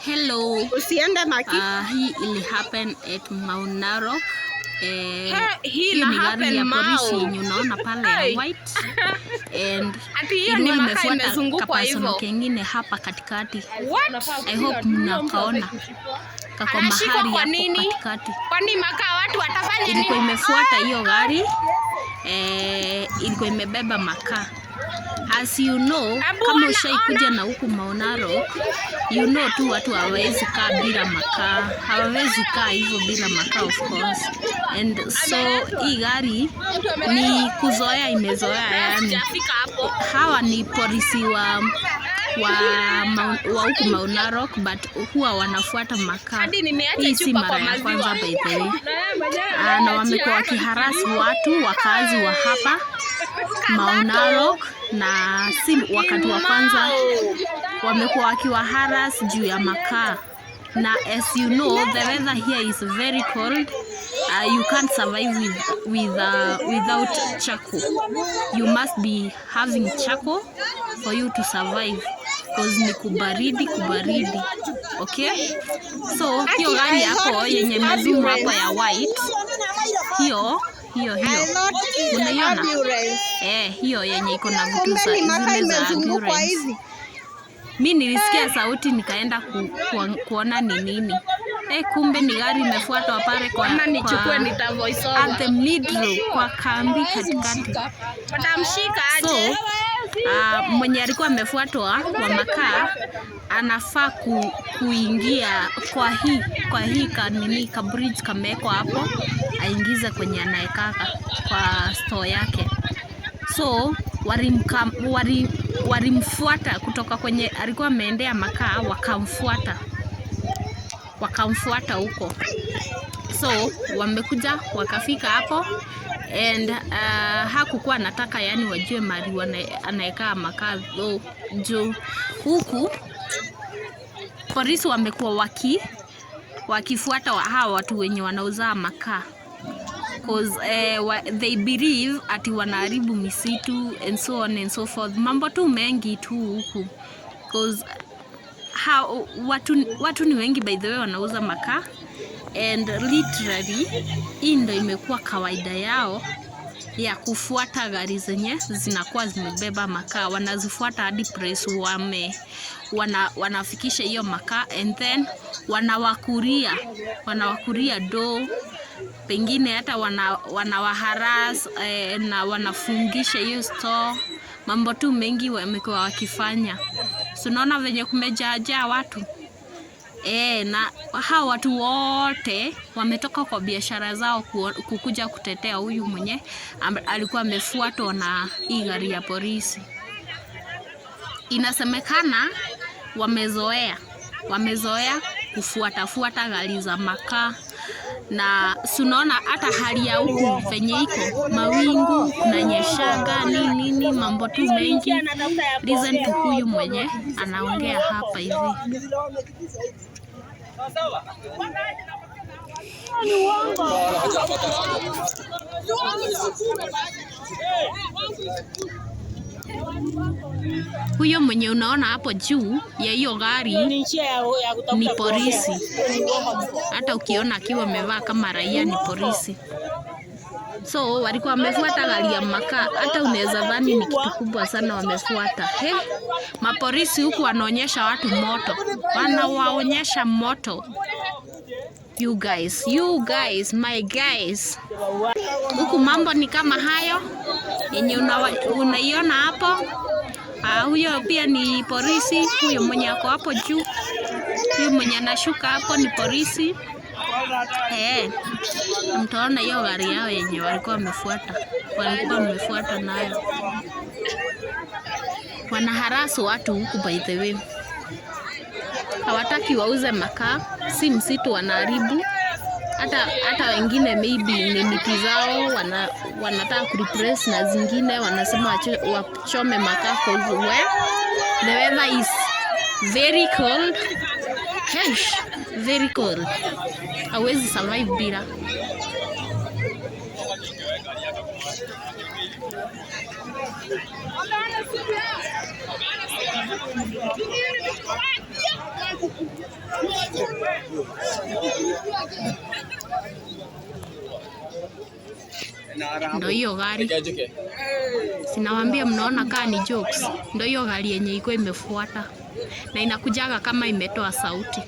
Hello. Usiende Maki. Uh, ah, hii ili happen at Mount Narok. Eh, hii ni gari ya polisi yenye unaona pale ya white. And hiyo ni maka imezungukwa hivyo. Kingine hapa katikati. What? I hope mnakaona. Kako mahali kwa nini? Katikati. Kwani maka watu watafanya nini? Ilikuwa imefuata ah! hiyo gari. Eh, ilikuwa imebeba makaa as you know, kama ushaikuja na huku Maonaro, you know tu watu hawawezi kaa bila makaa, hawawezi kaa hivyo bila makaa of course. And so hii gari ni kuzoea, imezoea yani. Hawa ni polisi wa wa wa huko Mount Narok but huwa wanafuata makaa. Hii si mara ya kwanza by the way, na ah, wamekuwa wakiharasi watu wakazi wa hapa Mount Narok, na si wakati wa kwanza wamekuwa wakiwaharas juu ya makaa na as you know the weather here is very cold uh, you can't survive with, with, uh, without charcoal you must be having charcoal for you to survive cause ni kubaridi kubaridi. Okay, so hiyo gari yako yenye mazumu hapa ya white, hiyo hiyo hiyo unaiona eh, hiyo yenye iko na vitu zile za hizi. Mi nilisikia sauti nikaenda ku, ku, kuona ni nini eh, kumbe ni gari imefuata pale kwa kwa, kwa kambi katikati so, uh, mwenye alikuwa amefuatwa kwa makaa anafaa ku, kuingia kwa hii kwa hii kanini ka bridge kamewekwa hapo, aingize kwenye anaekaka kwa store yake. So walimfuata wari kutoka kwenye alikuwa ameendea makaa, wakamfuata wakamfuata huko, so wamekuja wakafika hapo and uh, hakukuwa anataka yani wajue mali anaekaa o oh, juu. Huku polisi wamekuwa waki wakifuata wa hawa watu wenye wanauzaa makaa cause eh, wa, they believe ati wanaharibu misitu and so on and so forth, mambo tu mengi tu huku cause ha, watu, watu ni wengi by the way wanauza makaa and literally hii ndo imekuwa kawaida yao ya kufuata gari zenye zinakuwa zimebeba makaa, wanazifuata hadi press wame wana, wanafikisha hiyo makaa and then wanawakuria wanawakuria do pengine hata wana, wanawaharas eh, na wanafungisha hiyo store. Mambo tu mengi wamekuwa wakifanya, so naona venye kumejaajaa watu. E, na hawa watu wote wametoka kwa biashara zao kukuja kutetea huyu mwenye alikuwa amefuatwa na hii gari ya polisi. Inasemekana wamezoea wamezoea kufuatafuata gari za makaa na sunaona hata hali ya huku venye iko mawingu na nyeshanga nini nini, mambo tu mengi. Listen tu huyu mwenye anaongea hapa hivi. Huyo mwenye unaona hapo juu ya hiyo gari ni polisi. Hata ukiona akiwa amevaa kama raia ni polisi. So walikuwa wamefuata gari ya makaa, hata unaweza dhani ni kitu kubwa sana wamefuata. He, mapolisi huku wanaonyesha watu moto, wanawaonyesha moto. You guys, you guys, my guys, huku mambo ni kama hayo yenye unaiona hapo. Ah, huyo pia ni polisi, huyo mwenye ako hapo juu, huyo mwenye anashuka hapo ni polisi. Eh, mtaona hiyo gari yao yenye walikuwa wamefuata, walikuwa wamefuata nayo, wanaharasu watu huku by the way hawataki wauze makaa, si msitu wanaharibu. Hata hata wengine maybe ni miti zao wana, wanataka kureplace na zingine, wanasema wachome makaa kwa hivyo the weather is very cold. Hesh, very cold. Hawezi survive bila Ndo hiyo gari sinawambia, mnaona kaa ni jokes. Ndo hiyo gari yenye iko imefuata na inakujaga kama imetoa sauti.